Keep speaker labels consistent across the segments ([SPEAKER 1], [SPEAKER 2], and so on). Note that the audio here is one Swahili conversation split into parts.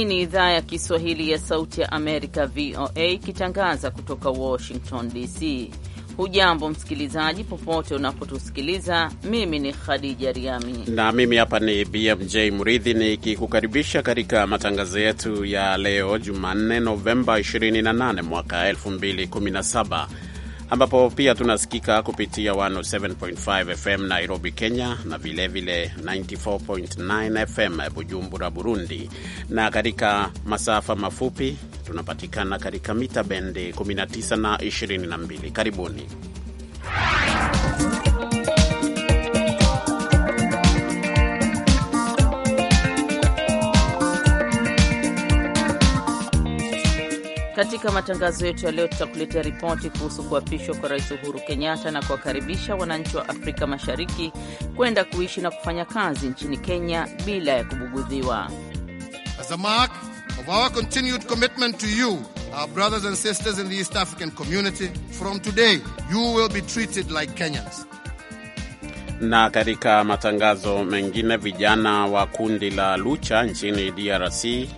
[SPEAKER 1] Hii ni idhaa ya Kiswahili ya Sauti ya Amerika, VOA, ikitangaza kutoka Washington DC. Hujambo msikilizaji, popote unapotusikiliza. Mimi ni Khadija Riami
[SPEAKER 2] na mimi hapa ni BMJ Mridhi nikikukaribisha katika matangazo yetu ya leo Jumanne, Novemba 28 mwaka 2017 ambapo pia tunasikika kupitia 107.5 FM Nairobi, Kenya, na vilevile 94.9 FM Bujumbura, Burundi, na katika masafa mafupi tunapatikana katika mita bendi 19 na 22. Karibuni.
[SPEAKER 1] Katika matangazo yetu ya leo, tutakuletea ripoti kuhusu kuapishwa kwa Rais Uhuru Kenyatta na kuwakaribisha wananchi wa Afrika Mashariki kwenda kuishi na kufanya kazi nchini Kenya bila ya kubugudhiwa.
[SPEAKER 3] As a mark of our continued commitment to you, our brothers and sisters in the East African community, from today you will be treated like Kenyans.
[SPEAKER 2] Na katika matangazo mengine, vijana wa kundi la Lucha nchini DRC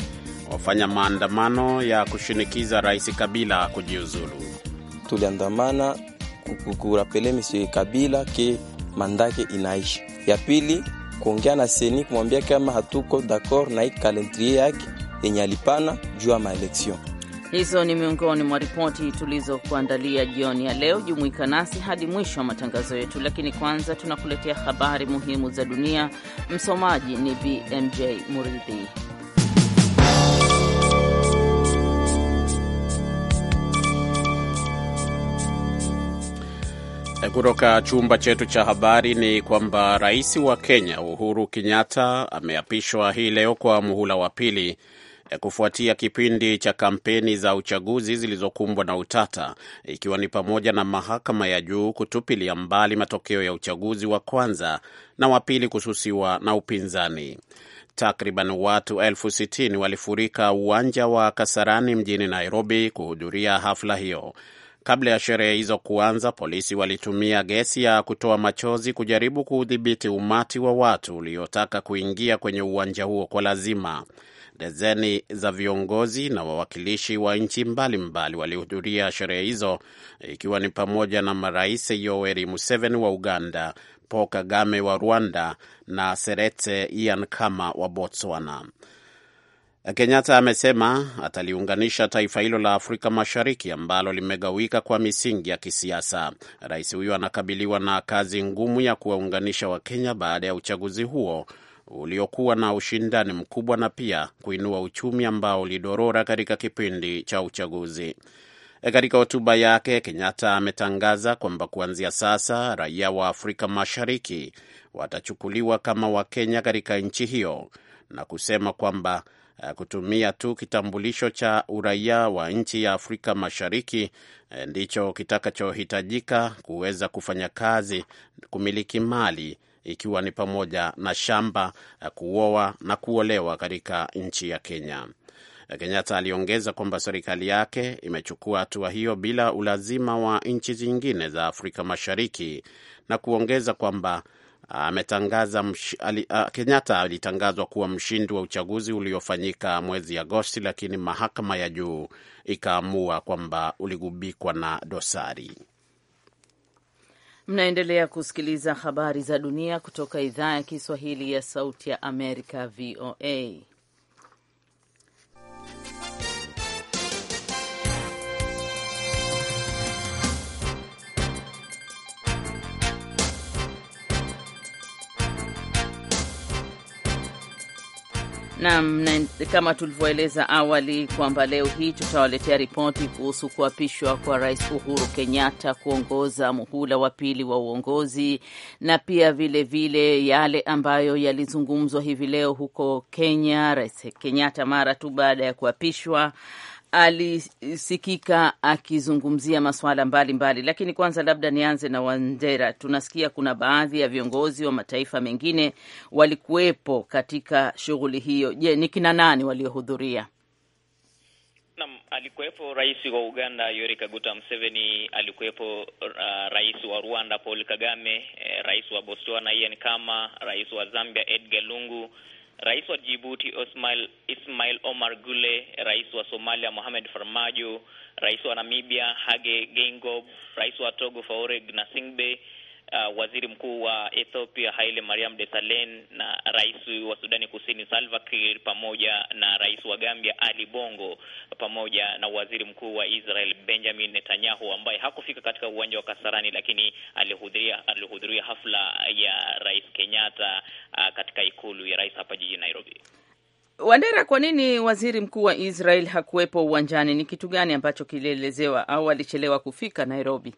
[SPEAKER 2] wafanya maandamano ya kushinikiza Rais Kabila kujiuzulu.
[SPEAKER 4] Tuliandamana kurapele Monsieur Kabila ke mandake inaisha. Ya pili kuongea na seni kumwambia kama hatuko d'accord na hii yake yenye alipana juu ya maeleksion.
[SPEAKER 1] Hizo ni miongoni mwa ripoti tulizokuandalia jioni ya leo. Jumuika nasi hadi mwisho wa matangazo yetu, lakini kwanza tunakuletea habari muhimu za dunia. Msomaji ni BMJ Muridhi.
[SPEAKER 2] Eh, kutoka chumba chetu cha habari ni kwamba rais wa Kenya Uhuru Kenyatta ameapishwa hii leo kwa muhula wa pili eh, kufuatia kipindi cha kampeni za uchaguzi zilizokumbwa na utata, ikiwa ni pamoja na mahakama ya juu kutupilia mbali matokeo ya uchaguzi wa kwanza na wa pili kususiwa na upinzani. Takriban watu elfu sitini walifurika uwanja wa Kasarani mjini Nairobi kuhudhuria hafla hiyo. Kabla ya sherehe hizo kuanza, polisi walitumia gesi ya kutoa machozi kujaribu kuudhibiti umati wa watu uliotaka kuingia kwenye uwanja huo kwa lazima. dezeni za viongozi na wawakilishi wa nchi mbalimbali walihudhuria sherehe hizo, ikiwa ni pamoja na marais Yoweri Museveni wa Uganda, Paul Kagame wa Rwanda na Seretse Ian Kama wa Botswana. Kenyatta amesema ataliunganisha taifa hilo la Afrika Mashariki ambalo limegawika kwa misingi ya kisiasa. Rais huyo anakabiliwa na kazi ngumu ya kuwaunganisha Wakenya baada ya uchaguzi huo uliokuwa na ushindani mkubwa na pia kuinua uchumi ambao ulidorora katika kipindi cha uchaguzi. E, katika hotuba yake Kenyatta ametangaza kwamba kuanzia sasa raia wa Afrika Mashariki watachukuliwa kama Wakenya katika nchi hiyo na kusema kwamba Eh, kutumia tu kitambulisho cha uraia wa nchi ya Afrika Mashariki eh, ndicho kitakachohitajika kuweza kufanya kazi, kumiliki mali ikiwa ni pamoja na shamba, eh, kuoa na kuolewa katika nchi ya Kenya. Kenyatta aliongeza kwamba serikali yake imechukua hatua hiyo bila ulazima wa nchi zingine za Afrika Mashariki na kuongeza kwamba ametangaza msh... ali... Ah, Kenyatta alitangazwa kuwa mshindi wa uchaguzi uliofanyika mwezi Agosti, lakini mahakama ya juu ikaamua kwamba uligubikwa na dosari.
[SPEAKER 1] Mnaendelea kusikiliza habari za dunia kutoka idhaa ya Kiswahili ya Sauti ya Amerika, VOA. Naam, kama tulivyoeleza awali kwamba leo hii tutawaletea ripoti kuhusu kuapishwa kwa Rais Uhuru Kenyatta kuongoza muhula wa pili wa uongozi na pia vilevile vile yale ambayo yalizungumzwa hivi leo huko Kenya. Rais Kenyatta mara tu baada ya kuapishwa alisikika akizungumzia masuala mbalimbali, lakini kwanza labda nianze na Wandera. Tunasikia kuna baadhi ya viongozi wa mataifa mengine walikuwepo katika shughuli hiyo. Je, ni kina nani waliohudhuria?
[SPEAKER 5] Naam, alikuwepo rais wa Uganda Yoweri Kaguta Museveni, alikuwepo uh, rais wa Rwanda Paul Kagame, eh, rais wa Botswana Ian Khama, rais wa Zambia Edgar Lungu Rais wa jibuti Osmail, Ismail Omar Gule, Rais wa Somalia Mohamed Farmajo, Rais wa Namibia Hage Geingob, Rais wa Togo Faure Gnasingbe, uh, Waziri Mkuu wa Ethiopia Haile Mariam Desalegn na Rais wa Sudani Kusini Salva Kiir pamoja na Rais wa Gambia Ali Bongo pamoja na Waziri Mkuu wa Israel Benjamin Netanyahu ambaye hakufika katika uwanja wa Kasarani, lakini alihudhuria alihudhuria hafla ya Rais Kenyatta Uh, katika ikulu ya rais hapa jijini Nairobi.
[SPEAKER 1] Wandera, kwa nini waziri mkuu wa Israel hakuwepo uwanjani? Ni kitu gani ambacho kilielezewa au alichelewa kufika Nairobi?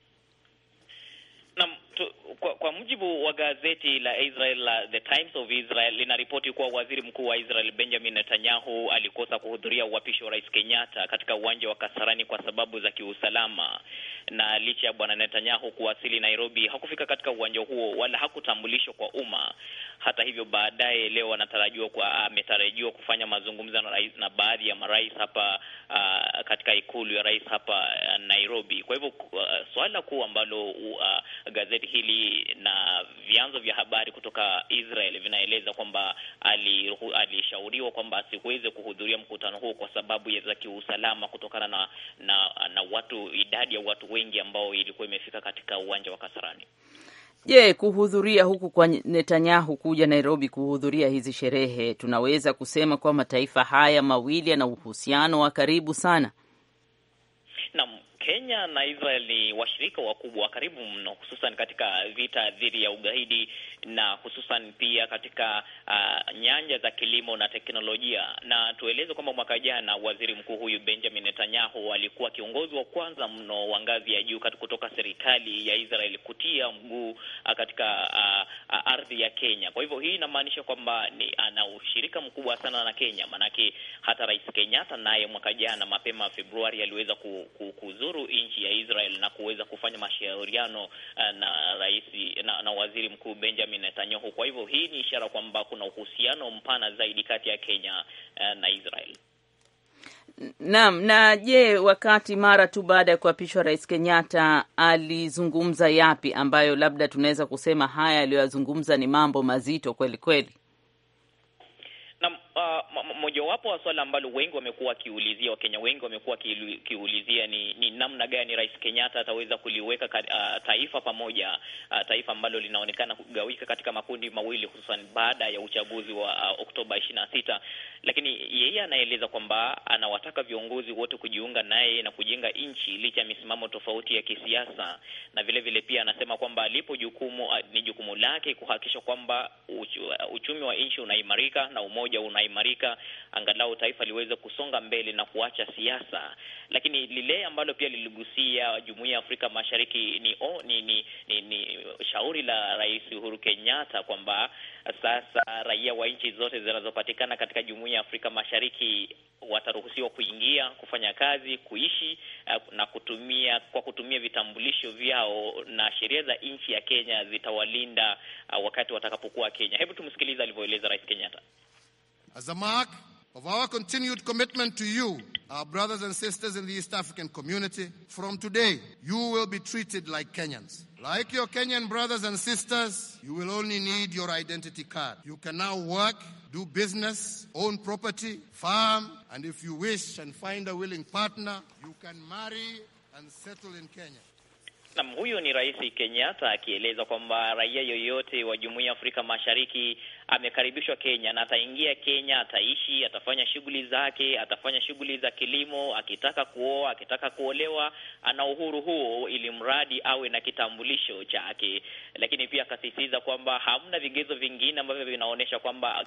[SPEAKER 5] Kwa, kwa mujibu wa gazeti la Israel la The Times of Israel linaripoti kuwa waziri mkuu wa Israel Benjamin Netanyahu alikosa kuhudhuria uapisho wa Rais Kenyatta katika uwanja wa Kasarani kwa sababu za kiusalama, na licha ya bwana Netanyahu kuwasili Nairobi, hakufika katika uwanja huo wala hakutambulishwa kwa umma. Hata hivyo, baadaye leo anatarajiwa kwa ametarajiwa kufanya mazungumzo na rais na baadhi ya marais hapa uh, katika ikulu ya rais hapa uh, Nairobi. Kwa hivyo uh, swala kuu ambalo uh, gazeti hili na vyanzo vya habari kutoka Israel vinaeleza kwamba alishauriwa ali kwamba asiweze kuhudhuria mkutano huo kwa sababu za kiusalama kutokana na, na na watu idadi ya watu wengi ambao ilikuwa imefika katika uwanja wa Kasarani.
[SPEAKER 1] Je, kuhudhuria huku kwa Netanyahu kuja Nairobi kuhudhuria hizi sherehe, tunaweza kusema kwa mataifa haya mawili yana uhusiano wa karibu sana?
[SPEAKER 5] Naam. Kenya na Israel ni washirika wakubwa wa karibu mno, hususan katika vita dhidi ya ugaidi na hususan pia katika uh, nyanja za kilimo na teknolojia. Na tueleze kwamba mwaka jana waziri mkuu huyu Benjamin Netanyahu alikuwa kiongozi wa kwanza mno wa ngazi ya juu kutoka serikali ya Israel kutia mguu uh, katika uh, uh, ardhi ya Kenya. Kwa hivyo hii inamaanisha kwamba ni ana ushirika mkubwa sana na Kenya, maanake hata Rais Kenyatta naye mwaka jana mapema Februari aliweza ku, ku, kuzuru nchi ya Israel na kuweza kufanya mashauriano uh, na rais na, na waziri mkuu Benjamin Benjamin Netanyahu. Kwa hivyo hii ni ishara kwamba kuna uhusiano mpana zaidi kati ya Kenya eh, na Israel.
[SPEAKER 1] Naam. Na je, wakati mara tu baada ya kuapishwa Rais Kenyatta alizungumza yapi ambayo labda tunaweza kusema haya aliyoyazungumza ni mambo mazito kweli kweli?
[SPEAKER 5] uh, mojawapo wa swala ambalo wengi wamekuwa wakiulizia, Wakenya wengi wamekuwa wakiulizia ni, ni namna gani Rais Kenyatta ataweza kuliweka uh, taifa pamoja uh, taifa ambalo linaonekana kugawika katika makundi mawili hususan baada ya uchaguzi wa uh, Oktoba ishirini na sita, lakini yeye anaeleza kwamba anawataka viongozi wote kujiunga naye na kujenga nchi licha ya misimamo tofauti ya kisiasa, na vile vile pia anasema kwamba lipo jukumu uh, ni jukumu lake kuhakikisha kwamba uh, uchumi wa nchi unaimarika na umoja una ikaimarika, angalau taifa liweze kusonga mbele na kuacha siasa. Lakini lile ambalo pia liligusia jumuiya ya Afrika Mashariki ni, oh, ni, ni, ni, ni shauri la Rais Uhuru Kenyatta kwamba sasa raia wa nchi zote zinazopatikana katika jumuiya ya Afrika Mashariki wataruhusiwa kuingia, kufanya kazi, kuishi eh, na kutumia kwa kutumia vitambulisho vyao, na sheria za nchi ya Kenya zitawalinda eh, wakati watakapokuwa Kenya. Hebu tumsikilize alivyoeleza Rais Kenyatta.
[SPEAKER 3] As a mark of our continued commitment to you, our brothers and sisters in the East African community, from today, you will be treated like Kenyans. Like your Kenyan brothers and sisters, you will only need your identity card. You can now work, do business, own property, farm, and if you wish and find a willing partner,
[SPEAKER 5] you can marry and settle in Kenya. Nam, huyu ni Rais Kenyatta akieleza kwamba raia yoyote wa Jumuiya ya Afrika Mashariki amekaribishwa Kenya na ataingia Kenya, ataishi, atafanya shughuli zake, atafanya shughuli za kilimo, akitaka kuoa, akitaka kuolewa, ana uhuru huo, ili mradi awe na kitambulisho chake. Lakini pia akasisitiza kwamba hamna vigezo vingine ambavyo vinaonyesha kwamba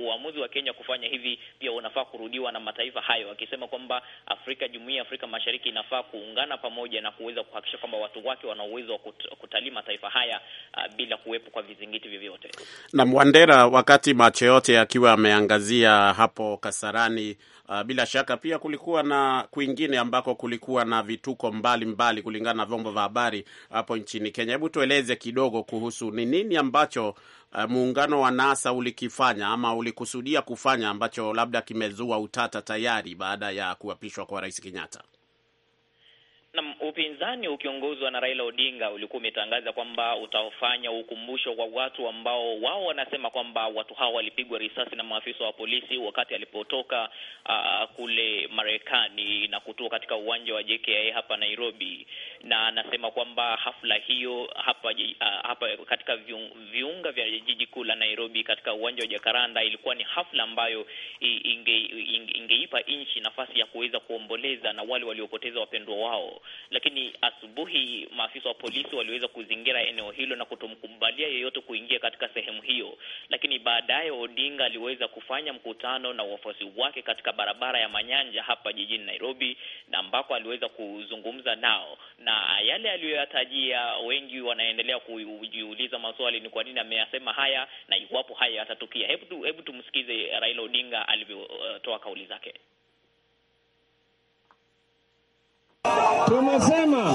[SPEAKER 5] uamuzi wa Kenya kufanya hivi pia unafaa kurudiwa na mataifa hayo, akisema kwamba Afrika, jumuiya ya Afrika Mashariki inafaa kuungana pamoja na kuweza kuhakikisha kwamba watu wake wana uwezo wa kutalii mataifa haya uh, bila kuwepo kwa vizingiti vyovyote
[SPEAKER 2] na Wandera, wakati macho yote akiwa ameangazia hapo Kasarani, uh, bila shaka pia kulikuwa na kwingine ambako kulikuwa na vituko mbalimbali mbali, kulingana na vyombo vya habari hapo nchini Kenya. Hebu tueleze kidogo kuhusu ni nini ambacho uh, muungano wa NASA ulikifanya ama ulikusudia kufanya ambacho labda kimezua utata tayari baada ya kuapishwa kwa Rais Kenyatta.
[SPEAKER 5] Na upinzani ukiongozwa na Raila Odinga ulikuwa umetangaza kwamba utafanya ukumbusho kwa watu ambao wao wanasema kwamba watu hao walipigwa risasi na maafisa wa polisi wakati alipotoka uh, kule Marekani na kutua katika uwanja wa JKIA hapa Nairobi, na anasema kwamba hafla hiyo hapa, uh, hapa katika viunga vya jiji kuu la Nairobi katika uwanja wa Jakaranda ilikuwa ni hafla ambayo ingeipa inge, inge nchi nafasi ya kuweza kuomboleza na wale waliopoteza wapendwa wao lakini asubuhi maafisa wa polisi waliweza kuzingira eneo hilo na kutomkubalia yeyote kuingia katika sehemu hiyo. Lakini baadaye Odinga aliweza kufanya mkutano na wafuasi wake katika barabara ya Manyanja hapa jijini Nairobi, na ambako aliweza kuzungumza nao na yale aliyoyatajia, wengi wanaendelea kujiuliza maswali, ni kwa nini ameyasema haya na iwapo haya yatatukia. Hebu tumsikize Raila Odinga alivyotoa kauli zake.
[SPEAKER 2] Tumesema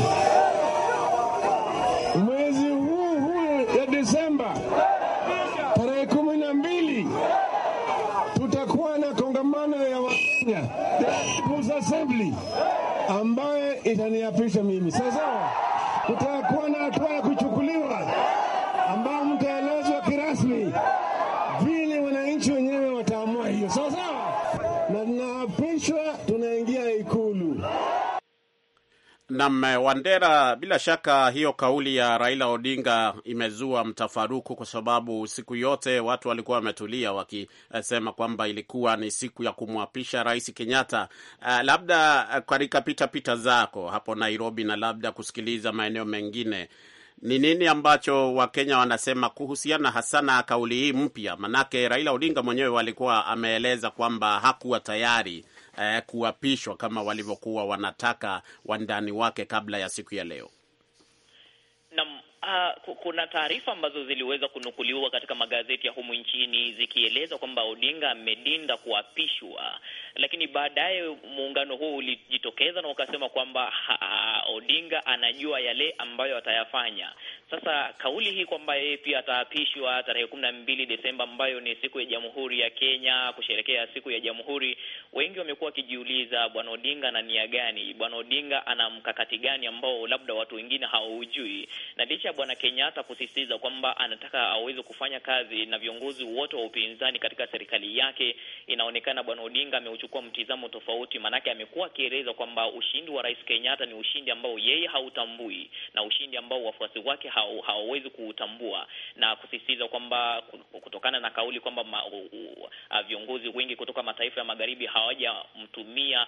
[SPEAKER 2] mwezi huu huu ya Desemba tarehe kumi na mbili tutakuwa na kongamano ya Wakenya People's Assembly ambayo itaniapisha mimi. Sasa kutakuwa na hatua ya kuchukuliwa Nam eh, Wandera, bila shaka hiyo kauli ya Raila Odinga imezua mtafaruku, kwa sababu siku yote watu walikuwa wametulia wakisema kwamba ilikuwa ni siku ya kumwapisha Rais Kenyatta. Uh, labda eh, katika pitapita zako hapo Nairobi na labda kusikiliza maeneo mengine, ni nini ambacho Wakenya wanasema kuhusiana hasa na kauli hii mpya? Manake Raila Odinga mwenyewe alikuwa ameeleza kwamba hakuwa tayari eh, kuapishwa kama walivyokuwa wanataka wandani wake kabla ya siku ya leo.
[SPEAKER 5] Naam. Uh, kuna taarifa ambazo ziliweza kunukuliwa katika magazeti ya humu nchini zikieleza kwamba Odinga amedinda kuapishwa, lakini baadaye muungano huu ulijitokeza na ukasema kwamba Odinga anajua yale ambayo atayafanya, sasa kauli hii kwamba yeye pia ataapishwa tarehe kumi na mbili Desemba ambayo ni siku ya Jamhuri ya Kenya, kusherekea siku ya Jamhuri, wengi wamekuwa wakijiuliza bwana Odinga ana nia gani? Bwana Odinga ana mkakati gani ambao labda watu wengine hawaujui? Na licha ya bwana Kenyatta kusisitiza kwamba anataka aweze kufanya kazi na viongozi wote wa upinzani katika serikali yake, inaonekana bwana Odinga ameuchukua mtizamo tofauti, maanake amekuwa akieleza kwamba ushindi wa Rais Kenyatta ni ushindi ambao yeye hautambui na ushindi ambao wafuasi wake hawawezi kutambua na kusisitiza kwamba kutokana na kauli kwamba viongozi wengi kutoka mataifa ya magharibi hawajamtumia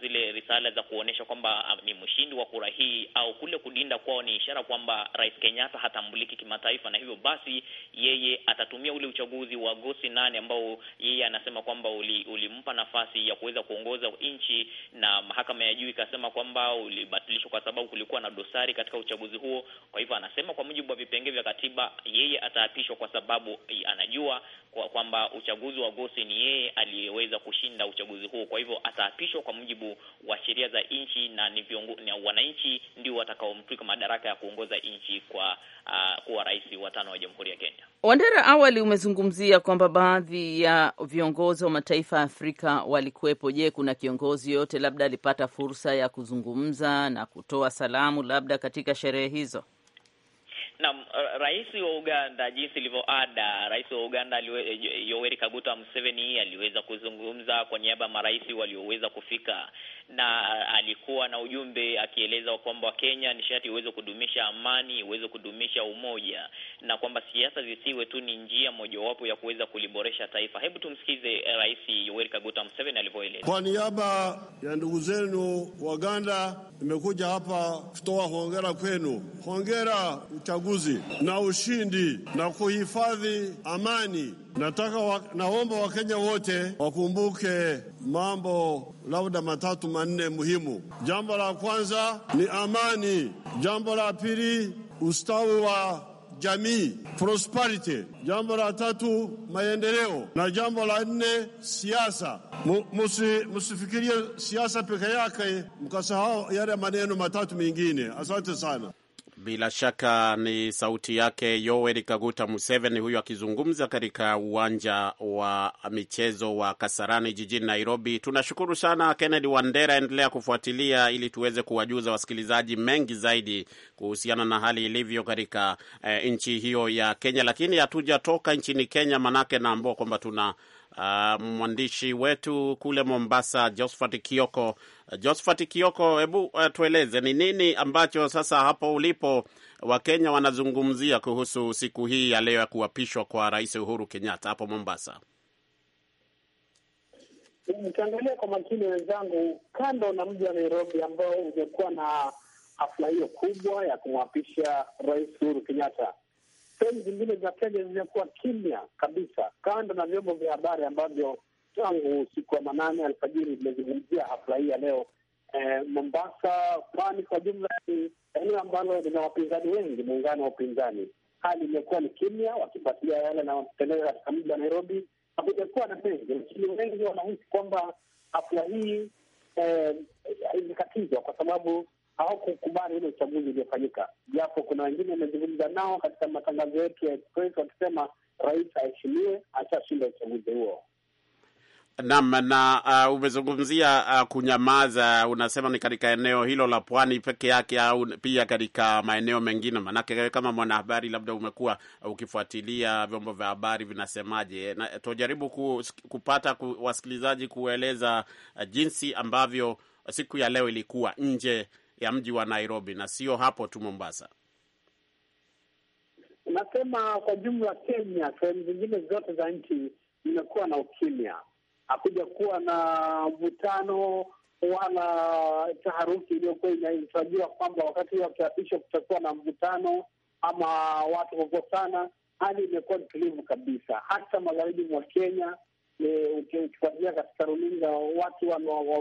[SPEAKER 5] zile risala za kuonyesha kwamba ni mshindi wa kura hii au kule kudinda kwao ni ishara kwamba Rais Kenyatta hatambuliki kimataifa, na hivyo basi yeye atatumia ule uchaguzi wa Agosti nane ambao yeye anasema kwamba ulimpa uli nafasi ya kuweza kuongoza nchi, na mahakama ya juu ikasema kwamba ulibatilishwa kwa sababu kulikuwa na dosari katika uchaguzi huo. Kwa hivyo anasema amesema kwa mujibu wa vipengee vya katiba yeye ataapishwa kwa sababu e, anajua kwamba kwa uchaguzi wa Agosti ni yeye aliyeweza kushinda uchaguzi huo. Kwa hivyo ataapishwa kwa mujibu wa sheria za nchi na ni wananchi ndio watakaomtwika madaraka ya kuongoza nchi kwa uh, kuwa rais wa tano wa Jamhuri ya Kenya.
[SPEAKER 1] Wandera, awali umezungumzia kwamba baadhi ya viongozi wa mataifa ya Afrika walikuwepo. Je, kuna kiongozi yote labda alipata fursa ya kuzungumza na kutoa salamu labda katika sherehe hizo?
[SPEAKER 5] Na uh, rais wa Uganda jinsi ilivyo ada, rais wa Uganda eh, Yoweri Kaguta Museveni aliweza kuzungumza kwa niaba ya marais walioweza kufika, na uh, alikuwa na ujumbe akieleza kwamba Kenya nishati iweze kudumisha amani, iweze kudumisha umoja, na kwamba siasa zisiwe tu ni njia mojawapo ya kuweza kuliboresha taifa. Hebu tumsikize eh, Rais Yoweri Kaguta Museveni alivyoeleza.
[SPEAKER 2] Kwa niaba ya ndugu zenu Waganda, nimekuja hapa kutoa hongera kwenu, hongera uchaguzi uchaguzi na ushindi na kuhifadhi amani. Nataka wa, naomba Wakenya wote wakumbuke mambo labda matatu manne muhimu. Jambo la kwanza ni amani, jambo la pili ustawi wa jamii prosperity, jambo la tatu maendeleo, na jambo la nne siasa. Musifikirie siasa peke yake mkasahau yale maneno matatu mengine. Asante sana. Bila shaka ni sauti yake Yoweri Kaguta Museveni, huyu akizungumza katika uwanja wa michezo wa Kasarani jijini Nairobi. Tunashukuru sana Kennedy Wandera, endelea kufuatilia ili tuweze kuwajuza wasikilizaji mengi zaidi kuhusiana na hali ilivyo katika eh, nchi hiyo ya Kenya. Lakini hatujatoka nchini Kenya, manake naambua kwamba tuna uh, mwandishi wetu kule Mombasa, Josphat Kioko. Uh, Josphat Kioko, hebu uh, tueleze ni nini ambacho sasa hapo ulipo Wakenya wanazungumzia kuhusu siku hii ya leo ya kuapishwa kwa Rais Uhuru Kenyatta hapo Mombasa?
[SPEAKER 6] Nikiangalia kwa makini wenzangu, kando na mji wa Nairobi ambao umekuwa na hafla hiyo kubwa ya kumwapisha Rais Uhuru Kenyatta, sehemu zingine za Kenya zimekuwa kimya kabisa, kando na vyombo vya habari ambavyo tangu siku ya manane alfajiri vimezungumzia hafla hii ya leo. E, Mombasa, pwani kwa jumla, ni eneo ambalo lina wapinzani wengi, muungano wa upinzani. Hali imekuwa ni kimya, wakifuatilia yale anayoteleza katika mji wa Nairobi. Hakujakuwa na mengi, lakini wengi wanahisi kwamba hafla hii eh, imekatizwa e, kwa sababu hawakukubali ule uchaguzi uliofanyika, japo kuna wengine wamezungumza nao katika matangazo yetu ya Express wakisema rais aheshimiwe, ashashinda uchaguzi huo.
[SPEAKER 2] Naam, na uh, umezungumzia uh, kunyamaza. Unasema ni katika eneo hilo la pwani peke yake au pia katika maeneo mengine? manake kama mwanahabari, labda umekuwa ukifuatilia vyombo vya habari vinasemaje, na tujaribu ku, kupata ku, wasikilizaji kueleza uh, jinsi ambavyo siku ya leo ilikuwa nje ya mji wa Nairobi na sio hapo tu Mombasa?
[SPEAKER 6] Unasema kwa jumla Kenya, sehemu zingine zote za nchi zimekuwa na ukimya, hakuja kuwa na mvutano wala taharuki iliyokuwa inatarajiwa kwamba wakati huo wakiapishwa kutakuwa na mvutano ama watu kukosana. Hali imekuwa tulivu kabisa, hata magharibi mwa Kenya. Eh, ukifuatilia katika runinga, watu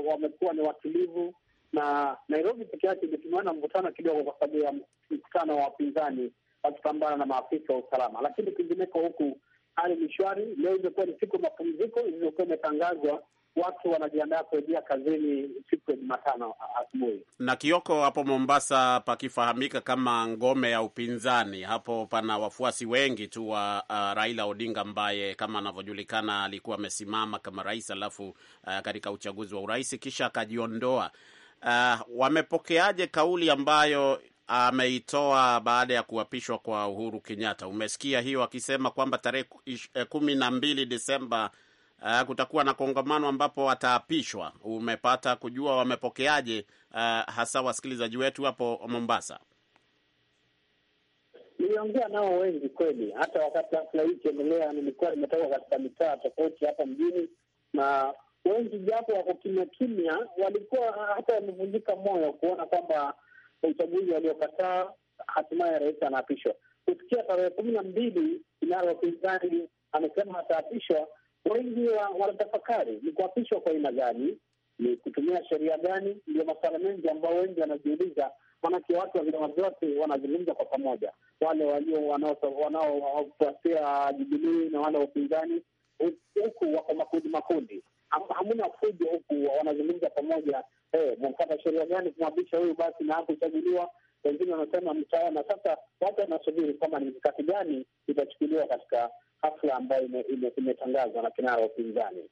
[SPEAKER 6] wamekuwa ni watulivu na Nairobi peke yake imetumiwa na mvutano kidogo, kwa sababu ya mkutano wa wapinzani wakipambana na maafisa wa usalama, lakini kwingineko huku hali ni shwari. Leo imekuwa ni siku ya mapumziko iliyokuwa imetangazwa, watu wanajiandaa kurejea kazini siku ya Jumatano asubuhi.
[SPEAKER 2] Na Kioko, hapo Mombasa pakifahamika kama ngome ya upinzani, hapo pana wafuasi wengi tu wa uh, Raila Odinga ambaye kama anavyojulikana alikuwa amesimama kama rais, alafu uh, katika uchaguzi wa urais kisha akajiondoa uh, wamepokeaje kauli ambayo ameitoa baada ya kuapishwa kwa Uhuru Kenyatta? Umesikia hiyo akisema kwamba tarehe eh, kumi na mbili Desemba uh, kutakuwa na kongamano ambapo ataapishwa. Umepata kujua wamepokeaje, uh, hasa wasikilizaji wetu hapo Mombasa?
[SPEAKER 6] Niliongea nao wengi kweli, hata wakati hafla hii ikiendelea, nilikuwa nimetoka katika mitaa tofauti hapa mjini na wengi, japo wako kimya kimya, walikuwa hata wamevunjika moyo kuona kwamba uchaguzi waliokataa, hatimaye rais anaapishwa. Kufikia tarehe kumi na mbili, kinara upinzani amesema ataapishwa. Wengi wanatafakari ni kuapishwa kwa aina gani, ni kutumia sheria gani? Ndio masuala mengi ambao wengi wanajiuliza, manake watu wa vyama vyote wanazungumza kwa pamoja, wale walio wanaofuatia Jubilii na wale wa upinzani, huku wako makundi makundi hamuna fujo huku, wanazungumza pamoja, eh, mnapata sheria gani kumwabisha huyu basi na hakuchaguliwa wengine wanasema msawa, na sasa watu wanasubiri kwamba ni mikakati gani itachukuliwa katika hafla ambayo imetangazwa na kinara upinzani.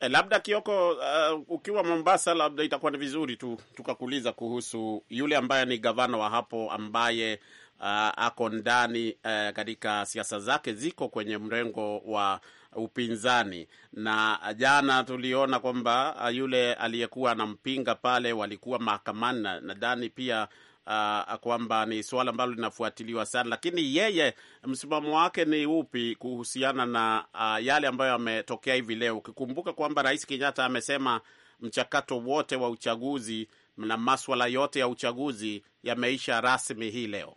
[SPEAKER 2] E, labda Kioko, uh, ukiwa Mombasa, labda itakuwa ni vizuri tu tukakuuliza kuhusu yule ambaye ni gavana wa hapo ambaye uh, ako ndani uh, katika siasa zake ziko kwenye mrengo wa upinzani, na jana tuliona kwamba uh, yule aliyekuwa anampinga pale walikuwa mahakamani, nadhani pia Uh, kwamba ni suala ambalo linafuatiliwa sana, lakini yeye msimamo wake ni upi kuhusiana na uh, yale ambayo yametokea hivi leo, ukikumbuka kwamba Rais Kenyatta amesema mchakato wote wa uchaguzi na maswala yote ya uchaguzi yameisha rasmi hii leo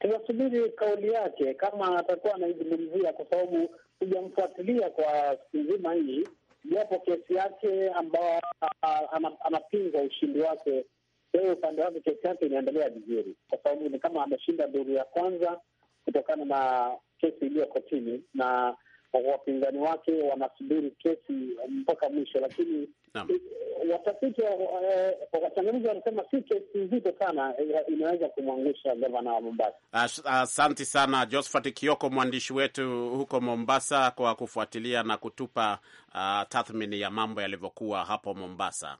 [SPEAKER 6] tunasubiri kauli yake kama atakuwa anaizungumzia, kwa sababu hujamfuatilia kwa siku nzima hii, japo kesi yake ambayo ah, anapinga ushindi wake yeye, upande wake kesi yake inaendelea vizuri, kwa sababu ni kama ameshinda duru ya kwanza kutokana na kesi iliyo kotini na wapinzani wake wanasubiri kesi mpaka mwisho, lakini eh, watafiti eh, wachanganuzi wanasema si kesi nzito sana, inaweza kumwangusha gavana wa Mombasa.
[SPEAKER 2] Asante sana Josphat Kioko, mwandishi wetu huko Mombasa, kwa kufuatilia na kutupa uh, tathmini ya mambo yalivyokuwa hapo Mombasa.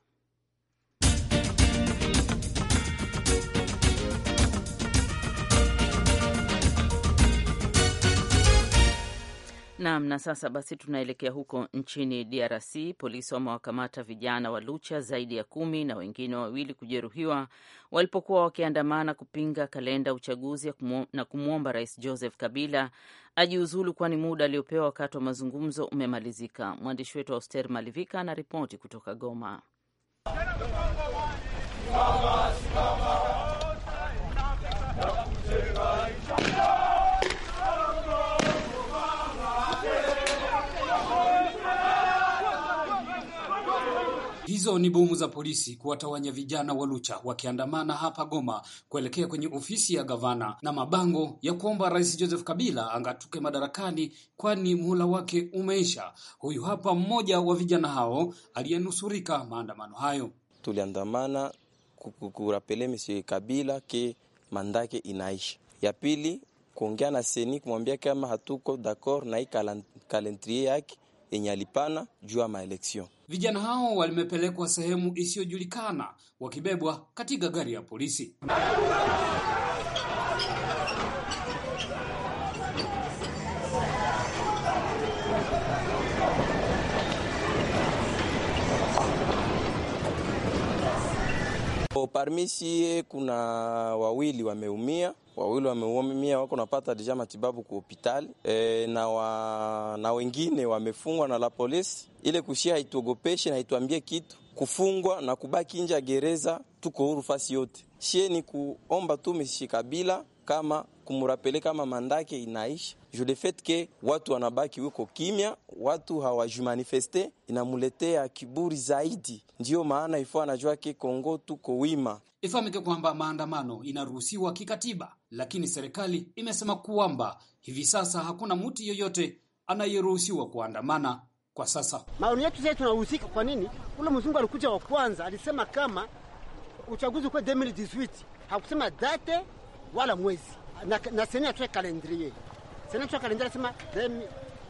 [SPEAKER 1] Naam, na sasa basi tunaelekea huko nchini DRC. Polisi wamewakamata vijana wa Lucha zaidi ya kumi na wengine wawili kujeruhiwa walipokuwa wakiandamana kupinga kalenda uchaguzi na kumwomba Rais Joseph Kabila ajiuzulu, kwani muda aliopewa wakati wa mazungumzo umemalizika. Mwandishi wetu Auster Malivika anaripoti kutoka Goma.
[SPEAKER 3] Hizo ni bomu za polisi kuwatawanya vijana wa Lucha wakiandamana hapa Goma kuelekea kwenye ofisi ya gavana na mabango ya kuomba Rais Joseph Kabila angatuke madarakani kwani muhula wake umeisha. Huyu hapa mmoja wa vijana hao aliyenusurika maandamano
[SPEAKER 4] hayo. Tuliandamana kurapele Monsieur Kabila ke mandake inaisha. Ya pili kuongea na seni kumwambia kama hatuko d'accord na hii yake yenye alipana juu ya maeleksio.
[SPEAKER 3] Vijana hao walimepelekwa sehemu isiyojulikana wakibebwa katika gari ya polisi.
[SPEAKER 4] Parmisi kuna wawili wameumia, wawili wameumia wako napata deja matibabu ku hospitali e, na, wa, na wengine wamefungwa na la polisi. Ile kushia haituogopeshe na haituambie kitu, kufungwa na kubaki nje ya gereza, tuko huru fasi yote. Shie ni kuomba tu kabila kama kumurapele kama mandake inaisha ju le fait ke watu wanabaki wiko kimya, watu hawajimanifeste, inamuletea kiburi zaidi. Ndiyo maana ifo anajua ke Kongo tuko wima.
[SPEAKER 3] Ifahamike kwamba maandamano inaruhusiwa kikatiba, lakini serikali imesema kwamba hivi sasa hakuna mtu yoyote anayeruhusiwa kuandamana kwa sasa. Maoni yetu sasa tunahusika kwa nini? Ule mzungu alikuja wa
[SPEAKER 7] kwanza alisema kama uchaguzi kwa 2018 hakusema date wala mwezi na, na seni hatue kalendrier seni hatue kalendrier sema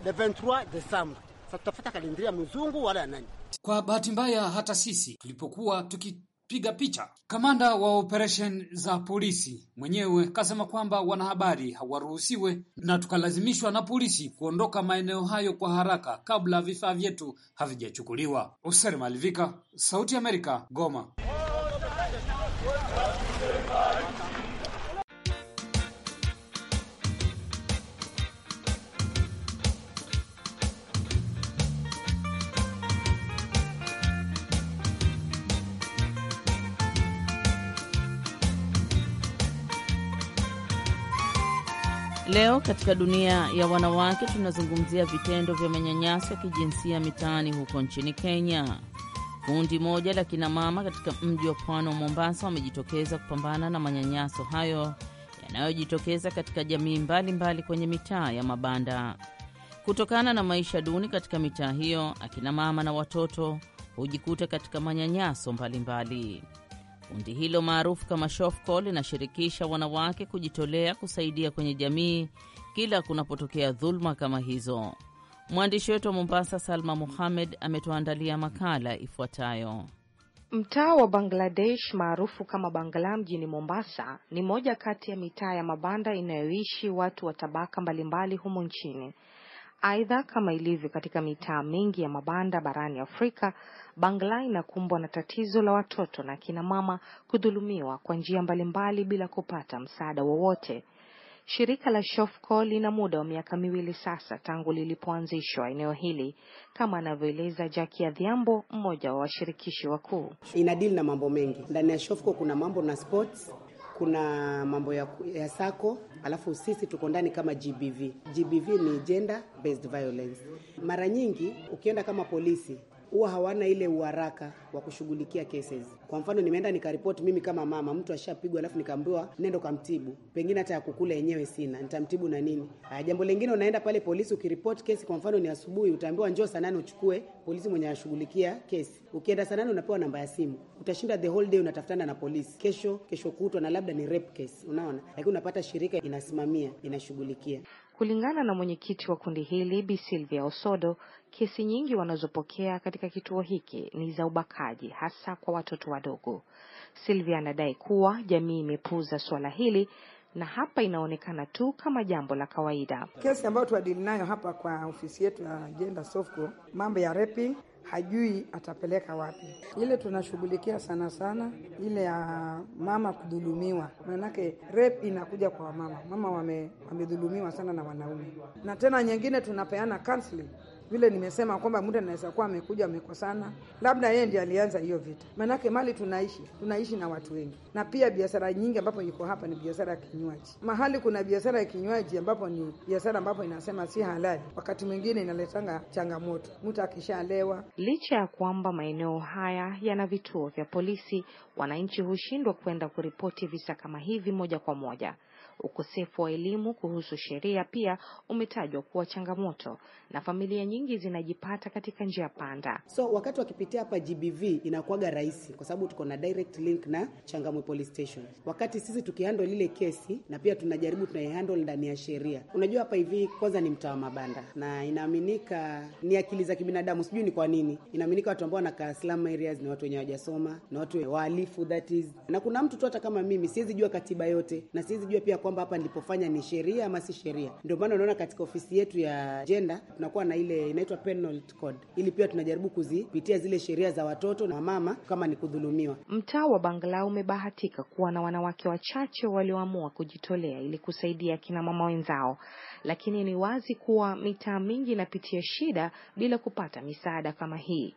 [SPEAKER 7] le 23 Desemba. Sasa tutafata ya mzungu wala ya nani? Kwa bahati mbaya, hata sisi
[SPEAKER 3] tulipokuwa tukipiga picha, kamanda wa operation za polisi mwenyewe kasema kwamba wanahabari hawaruhusiwe, na tukalazimishwa na polisi kuondoka maeneo hayo kwa haraka kabla vifaa vyetu havijachukuliwa. Oser Malivika, Sauti ya Amerika, Goma.
[SPEAKER 1] leo katika dunia ya wanawake tunazungumzia vitendo vya manyanyaso ya kijinsia mitaani huko nchini Kenya. Kundi moja la kinamama katika mji wa pwani wa Mombasa wamejitokeza kupambana na manyanyaso hayo yanayojitokeza katika jamii mbalimbali mbali kwenye mitaa ya mabanda. Kutokana na maisha duni katika mitaa hiyo, akina mama na watoto hujikuta katika manyanyaso mbalimbali mbali. Kundi hilo maarufu kama SHOFCO linashirikisha wanawake kujitolea kusaidia kwenye jamii kila kunapotokea dhuluma kama hizo. Mwandishi wetu wa Mombasa, Salma Muhamed, ametuandalia makala ifuatayo.
[SPEAKER 8] Mtaa wa Bangladesh maarufu kama Bangla mjini Mombasa ni moja kati ya mitaa ya mabanda inayoishi watu wa tabaka mbalimbali humo nchini. Aidha, kama ilivyo katika mitaa mingi ya mabanda barani Afrika, Bangla inakumbwa na tatizo la watoto na kina mama kudhulumiwa kwa njia mbalimbali bila kupata msaada wowote. Shirika la Shofco lina muda wa miaka miwili sasa tangu lilipoanzishwa eneo hili, kama anavyoeleza Jackie Adhiambo, mmoja wa washirikishi wakuu. Inadili na mambo mengi
[SPEAKER 7] ndani ya Shofco, kuna mambo na sports
[SPEAKER 8] kuna mambo ya,
[SPEAKER 7] ya sako, alafu sisi tuko ndani kama GBV. GBV ni gender based violence. Mara nyingi ukienda kama polisi huwa hawana ile uharaka wa kushughulikia cases. Kwa mfano, nimeenda nikaripoti mimi kama mama, mtu ashapigwa, alafu nikaambiwa nenda kamtibu, pengine hata ya kukula yenyewe sina, nitamtibu na nini? Aya, jambo lingine, unaenda pale polisi ukiripoti kesi, kwa mfano ni asubuhi, utaambiwa njoo saa nane uchukue polisi mwenye anashughulikia kesi. Ukienda saa nane unapewa namba ya simu, utashinda the whole day unatafutana na polisi, kesho kesho kutwa, na labda ni rape case, unaona, lakini unapata shirika inasimamia inashughulikia.
[SPEAKER 8] Kulingana na mwenyekiti wa kundi hili Bi Silvia Osodo, Kesi nyingi wanazopokea katika kituo hiki ni za ubakaji hasa kwa watoto wadogo. Silvia anadai kuwa jamii imepuuza suala hili na hapa inaonekana tu kama jambo la kawaida.
[SPEAKER 9] Kesi ambayo tuadili nayo hapa kwa ofisi yetu ya Jenda Sofco, mambo ya repi hajui atapeleka wapi. Ile tunashughulikia sana sana ile ya mama kudhulumiwa, maanake rep inakuja kwa wamama. Mama wamedhulumiwa wame sana na wanaume, na tena nyingine tunapeana counseling vile nimesema kwamba muda anaweza kuwa amekuja amekosana, labda yeye ndiye alianza hiyo vita. Maanake mali tunaishi tunaishi na watu wengi, na pia biashara nyingi ambapo iko hapa ni biashara ya kinywaji. Mahali kuna biashara ya kinywaji ambapo ni biashara ambapo inasema si halali, wakati mwingine inaletanga changamoto mtu akishalewa.
[SPEAKER 8] Licha ya kwamba maeneo haya yana vituo vya polisi, wananchi hushindwa kwenda kuripoti visa kama hivi moja kwa moja. Ukosefu wa elimu kuhusu sheria pia umetajwa kuwa changamoto, na familia nyingi zinajipata katika njia panda.
[SPEAKER 7] So wakati wakipitia hapa GBV inakuwaga rahisi, kwa sababu tuko na direct link na Changamwe police station. Wakati sisi tukihandle lile kesi, na pia tunajaribu tunaihandle ndani ya sheria. Unajua hapa hivi, kwanza ni mtaa wa mabanda na inaaminika ni akili za kibinadamu, sijui ni kwa nini inaaminika watu ambao wanakaa slum areas ni watu wenye hawajasoma ni watu wahalifu, that is, na kuna mtu tu hata kama mimi siwezi jua katiba yote na siwezi jua pia kwa kwamba hapa nilipofanya ni sheria ama si sheria. Ndio maana unaona katika ofisi yetu ya jenda tunakuwa na ile inaitwa penal code, ili pia tunajaribu kuzipitia zile sheria za watoto na mama kama ni kudhulumiwa.
[SPEAKER 8] Mtaa wa Bangla umebahatika kuwa na wanawake wachache walioamua kujitolea ili kusaidia kina mama wenzao, lakini ni wazi kuwa mitaa mingi inapitia shida bila kupata misaada kama hii.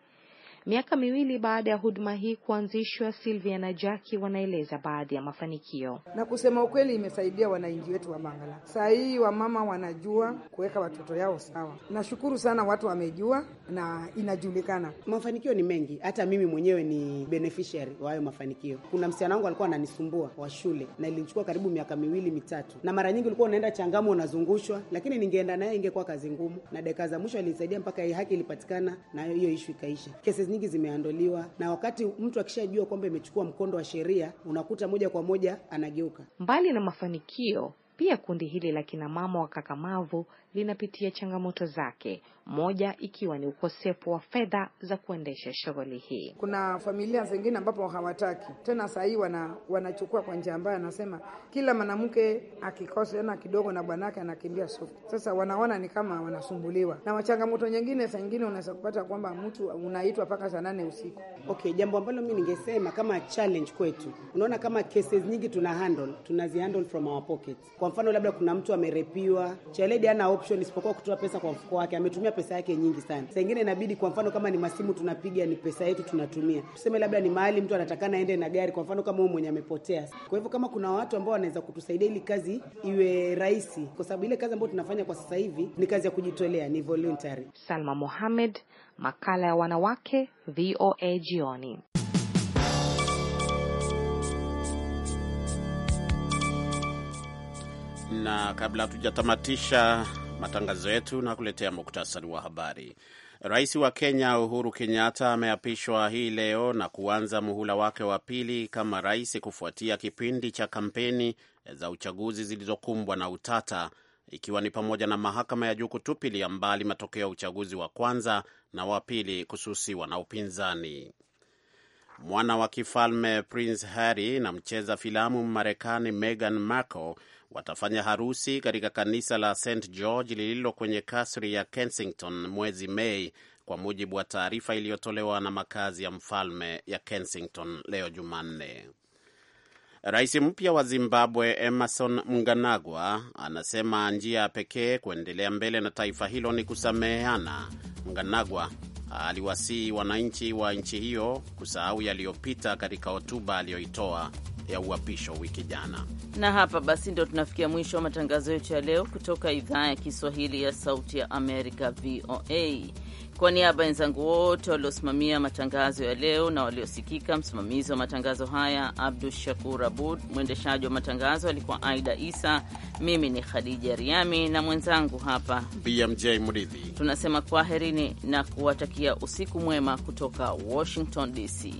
[SPEAKER 8] Miaka miwili baada ya huduma hii kuanzishwa, Silvia na Jackie wanaeleza baadhi ya mafanikio. Na kusema ukweli, imesaidia
[SPEAKER 9] wananchi wetu wa Mangala. Saa hii wamama wanajua kuweka watoto yao sawa. Nashukuru sana, watu wamejua na inajulikana.
[SPEAKER 7] Mafanikio ni mengi, hata mimi mwenyewe ni beneficiary wa hayo mafanikio. Kuna msichana wangu alikuwa ananisumbua wa shule, na ilichukua karibu miaka miwili mitatu, na mara nyingi ulikuwa unaenda Changamo unazungushwa, lakini ningeenda naye ingekuwa kazi ngumu, na dakika za mwisho alinisaidia mpaka hii haki ilipatikana na hiyo ishu ikaisha. Kesi nyingi zimeandoliwa, na wakati mtu akishajua kwamba imechukua mkondo wa sheria, unakuta moja kwa moja anageuka.
[SPEAKER 8] Mbali na mafanikio, pia kundi hili la kinamama wakakamavu linapitia changamoto zake, moja ikiwa ni ukosefu wa fedha za kuendesha shughuli hii. Kuna familia
[SPEAKER 9] zingine ambapo hawataki tena, sahii wana, wanachukua kwa njia ambayo anasema kila mwanamke akikosana kidogo na bwanake anakimbia soko. Sasa wanaona ni kama wanasumbuliwa na wachangamoto nyingine. Saa nyingine unaweza kupata kwamba mtu unaitwa mpaka saa nane usiku. Okay, jambo ambalo
[SPEAKER 7] mi ningesema kama challenge kwetu, unaona kama cases nyingi tuna handle, tunazi handle from our pockets. Kwa mfano labda kuna mtu amerepiwa, chaledi ana option isipokuwa kutoa pesa kwa mfuko wake, ametumia pesa yake nyingi sana. Saa ingine inabidi, kwa mfano kama ni masimu tunapiga, ni pesa yetu tunatumia. Tuseme labda ni mahali mtu anatakana aende na gari, kwa mfano kama huyu mwenye amepotea. Kwa hivyo kama kuna watu ambao wanaweza kutusaidia ili kazi iwe rahisi, kwa sababu ile kazi ambayo tunafanya kwa sasa hivi ni kazi ya kujitolea, ni voluntary.
[SPEAKER 8] Salma Mohamed, makala ya wanawake, VOA jioni.
[SPEAKER 2] na kabla hatujatamatisha matangazo yetu na kuletea muktasari wa habari. Rais wa Kenya Uhuru Kenyatta ameapishwa hii leo na kuanza muhula wake wa pili kama rais kufuatia kipindi cha kampeni za uchaguzi zilizokumbwa na utata, ikiwa ni pamoja na mahakama ya juu kutupilia mbali matokeo ya uchaguzi wa kwanza na wa pili kususiwa na upinzani. Mwana wa kifalme Prince Harry na mcheza filamu Marekani Meghan Markle watafanya harusi katika kanisa la St George lililo kwenye kasri ya Kensington mwezi Mei, kwa mujibu wa taarifa iliyotolewa na makazi ya mfalme ya Kensington leo Jumanne. Rais mpya wa Zimbabwe Emerson Mnangagwa anasema njia pekee kuendelea mbele na taifa hilo ni kusameheana. Mnangagwa aliwasihi wananchi wa nchi hiyo kusahau yaliyopita katika hotuba aliyoitoa ya uapisho wiki jana.
[SPEAKER 1] Na hapa basi ndo tunafikia mwisho wa matangazo yetu ya leo kutoka idhaa ya Kiswahili ya Sauti ya Amerika, VOA. Kwa niaba ya wenzangu wote waliosimamia matangazo ya leo na waliosikika, msimamizi wa matangazo haya Abdu Shakur Abud, mwendeshaji wa matangazo alikuwa Aida Isa, mimi ni Khadija Riami na mwenzangu hapa
[SPEAKER 2] BMJ Mridhi,
[SPEAKER 1] tunasema kwaherini na kuwatakia usiku mwema kutoka Washington DC.